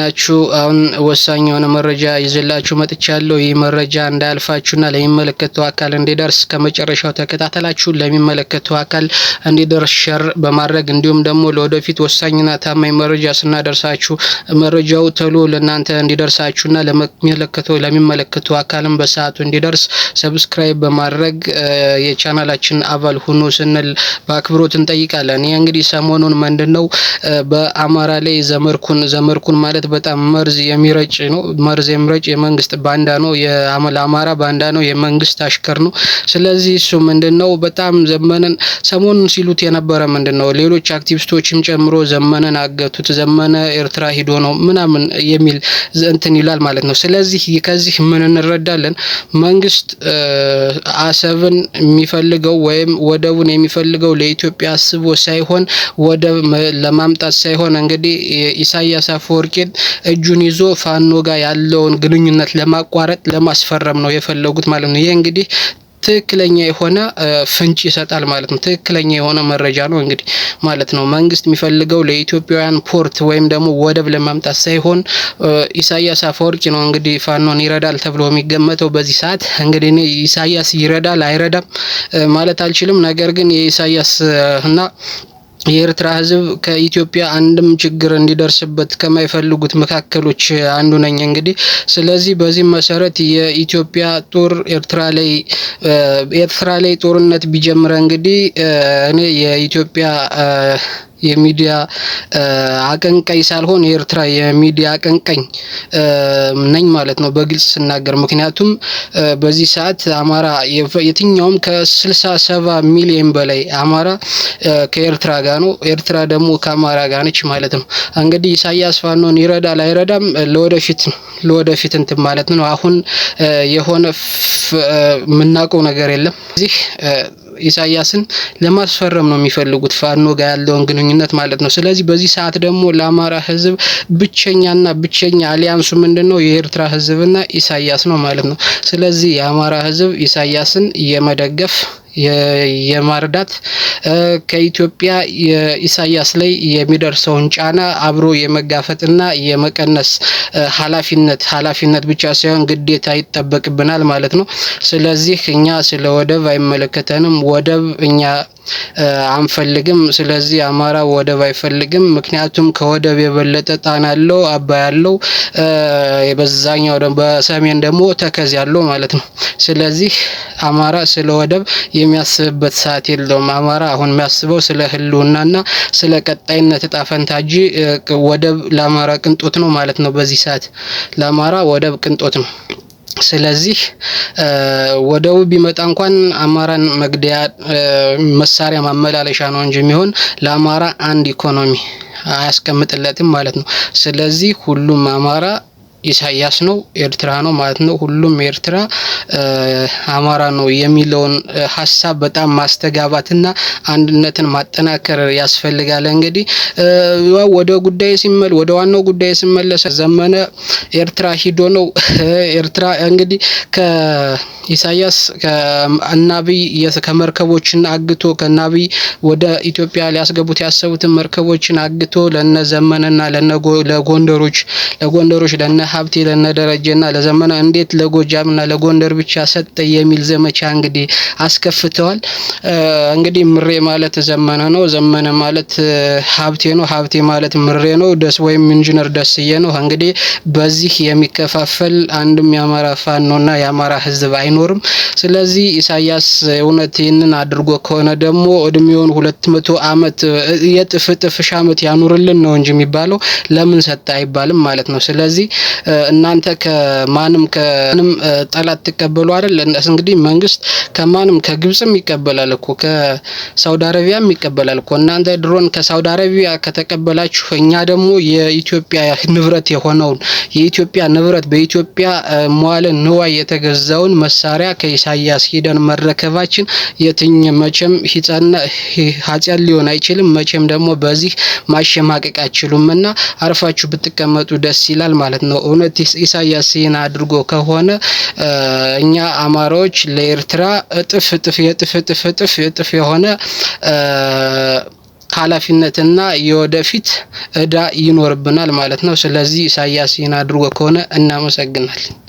ናችሁ አሁን ወሳኝ የሆነ መረጃ ይዘላችሁ መጥቻለሁ። ይህ መረጃ እንዳያልፋችሁና ለሚመለከተው አካል እንዲደርስ ከመጨረሻው ተከታተላችሁ ለሚመለከተው አካል እንዲደርስ ሸር በማድረግ እንዲሁም ደግሞ ለወደፊት ወሳኝና ታማኝ መረጃ ስናደርሳችሁ መረጃው ተሎ ለእናንተ እንዲደርሳችሁና ለሚመለከተው ለሚመለከተው አካልም በሰዓቱ እንዲደርስ ሰብስክራይብ በማድረግ የቻናላችን አባል ሁኑ ስንል በአክብሮት እንጠይቃለን። ይህ እንግዲህ ሰሞኑን ምንድን ነው በአማራ ላይ ዘመርኩን ዘመርኩን ማለት ማለት በጣም መርዝ የሚረጭ ነው። መርዝ የሚረጭ የመንግስት ባንዳ ነው። ለአማራ ባንዳ ነው። የመንግስት አሽከር ነው። ስለዚህ እሱ ምንድን ነው በጣም ዘመነን ሰሞኑን ሲሉት የነበረ ምንድን ነው ሌሎች አክቲቪስቶችም ጨምሮ ዘመነን አገቱት፣ ዘመነ ኤርትራ ሂዶ ነው ምናምን የሚል እንትን ይላል ማለት ነው። ስለዚህ ከዚህ ምን እንረዳለን? መንግስት አሰብን የሚፈልገው ወይም ወደቡን የሚፈልገው ለኢትዮጵያ አስቦ ሳይሆን ወደብ ለማምጣት ሳይሆን እንግዲህ ኢሳያስ አፈወርቂ ኃይል እጁን ይዞ ፋኖ ጋር ያለውን ግንኙነት ለማቋረጥ ለማስፈረም ነው የፈለጉት ማለት ነው። ይህ እንግዲህ ትክክለኛ የሆነ ፍንጭ ይሰጣል ማለት ነው። ትክክለኛ የሆነ መረጃ ነው እንግዲህ ማለት ነው። መንግስት የሚፈልገው ለኢትዮጵያውያን ፖርት ወይም ደግሞ ወደብ ለማምጣት ሳይሆን ኢሳያስ አፈወርቂ ነው እንግዲህ ፋኖን ይረዳል ተብሎ የሚገመተው በዚህ ሰዓት። እንግዲህ እኔ ኢሳያስ ይረዳል አይረዳም ማለት አልችልም። ነገር ግን የኢሳያስ እና የኤርትራ ህዝብ ከኢትዮጵያ አንድም ችግር እንዲደርስበት ከማይፈልጉት መካከሎች አንዱ ነኝ። እንግዲህ ስለዚህ በዚህ መሰረት የኢትዮጵያ ጦር ኤርትራ ላይ ኤርትራ ላይ ጦርነት ቢጀምረ እንግዲህ እኔ የኢትዮጵያ የሚዲያ አቀንቃኝ ሳልሆን የኤርትራ የሚዲያ አቀንቃኝ ነኝ ማለት ነው በግልጽ ስናገር። ምክንያቱም በዚህ ሰዓት አማራ የትኛውም ከስልሳ ሰባ ሚሊዮን በላይ አማራ ከኤርትራ ጋር ነው፣ ኤርትራ ደግሞ ከአማራ ጋር ነች ማለት ነው። እንግዲህ ኢሳያስ ፋኖን ይረዳል አይረዳም ለወደፊት ነው። ለወደፊት እንትን ማለት ነው። አሁን የሆነ የምናውቀው ነገር የለም። እዚህ ኢሳያስን ለማስፈረም ነው የሚፈልጉት ፋኖ ጋር ያለውን ግንኙነት ማለት ነው። ስለዚህ በዚህ ሰዓት ደግሞ ለአማራ ህዝብ ብቸኛና ብቸኛ አሊያንሱ ምንድን ነው? የኤርትራ ህዝብና ኢሳያስ ነው ማለት ነው። ስለዚህ የአማራ ሕዝብ ኢሳያስን የመደገፍ የማርዳት ከኢትዮጵያ ኢሳያስ ላይ የሚደርሰውን ጫና አብሮ የመጋፈጥና የመቀነስ ኃላፊነት ኃላፊነት ብቻ ሳይሆን ግዴታ ይጠበቅብናል ማለት ነው። ስለዚህ እኛ ስለ ወደብ አይመለከተንም። ወደብ እኛ አንፈልግም። ስለዚህ አማራ ወደብ አይፈልግም። ምክንያቱም ከወደብ የበለጠ ጣና ያለው አባይ ያለው በዛኛው በሰሜን ደግሞ ተከዝ ያለው ማለት ነው። ስለዚህ አማራ ስለ ወደብ የሚያስብበት ሰዓት የለውም። አማራ አሁን የሚያስበው ስለ ህልውናና ስለ ቀጣይነት እጣ ፈንታ እንጂ ወደብ ለአማራ ቅንጦት ነው ማለት ነው። በዚህ ሰዓት ለአማራ ወደብ ቅንጦት ነው። ስለዚህ ወደው ቢመጣ እንኳን አማራን መግደያ መሳሪያ ማመላለሻ ነው እንጂ የሚሆን ለአማራ አንድ ኢኮኖሚ አያስቀምጥለትም ማለት ነው። ስለዚህ ሁሉም አማራ ኢሳያስ ነው፣ ኤርትራ ነው ማለት ነው። ሁሉም ኤርትራ አማራ ነው የሚለውን ሀሳብ በጣም ማስተጋባትና አንድነትን ማጠናከር ያስፈልጋል። እንግዲህ ወደ ጉዳይ ሲመል ወደ ዋናው ጉዳይ ሲመለስ ዘመነ ኤርትራ ሂዶ ነው ኤርትራ እንግዲህ ከኢሳያስ ከናብይ ከመርከቦችን አግቶ ከናብይ ወደ ኢትዮጵያ ሊያስገቡት ያሰቡትን መርከቦችን አግቶ ለነ ዘመነና ለጎንደሮች ለጎንደሮች ለነ ሀብቴ ለነደረጀና ለዘመነ እንዴት ለጎጃምና ለጎንደር ብቻ ሰጠ የሚል ዘመቻ እንግዲህ አስከፍተዋል። እንግዲህ ምሬ ማለት ዘመነ ነው፣ ዘመነ ማለት ሀብቴ ነው፣ ሀብቴ ማለት ምሬ ነው፣ ደስ ወይም ኢንጂነር ደስዬ ነው። እንግዲህ በዚህ የሚከፋፈል አንድም የአማራ ፋኖና የአማራ ህዝብ አይኖርም። ስለዚህ ኢሳያስ እውነት ይህንን አድርጎ ከሆነ ደግሞ እድሜውን ሁለት መቶ አመት የጥፍ ጥፍ ሺህ አመት ያኑርልን ነው እንጂ የሚባለው ለምን ሰጠ አይባልም ማለት ነው። ስለዚህ እናንተ ከማንም ከንም ጠላት ትቀበሉ አይደል? እንግዲህ መንግስት ከማንም ከግብጽም ይቀበላል እኮ ከሳውዲ አረቢያም ይቀበላል እኮ። እናንተ ድሮን ከሳውዲ አረቢያ ከተቀበላችሁ እኛ ደግሞ የኢትዮጵያ ንብረት የሆነውን የኢትዮጵያ ንብረት በኢትዮጵያ መዋለ ንዋይ የተገዛውን መሳሪያ ከኢሳያስ ሂደን መረከባችን የትኝ መቼም ሂጻና ሀጢያን ሊሆን አይችልም። መቼም ደግሞ በዚህ ማሸማቀቅ አይችሉም እና አርፋችሁ ብትቀመጡ ደስ ይላል ማለት ነው። በእውነት ኢሳያስ ይህን አድርጎ ከሆነ እኛ አማራዎች ለኤርትራ እጥፍ እጥፍ የጥፍ እጥፍ እጥፍ እጥፍ የሆነ ኃላፊነትና የወደፊት እዳ ይኖርብናል ማለት ነው። ስለዚህ ኢሳያስ ይህን አድርጎ ከሆነ እናመሰግናለን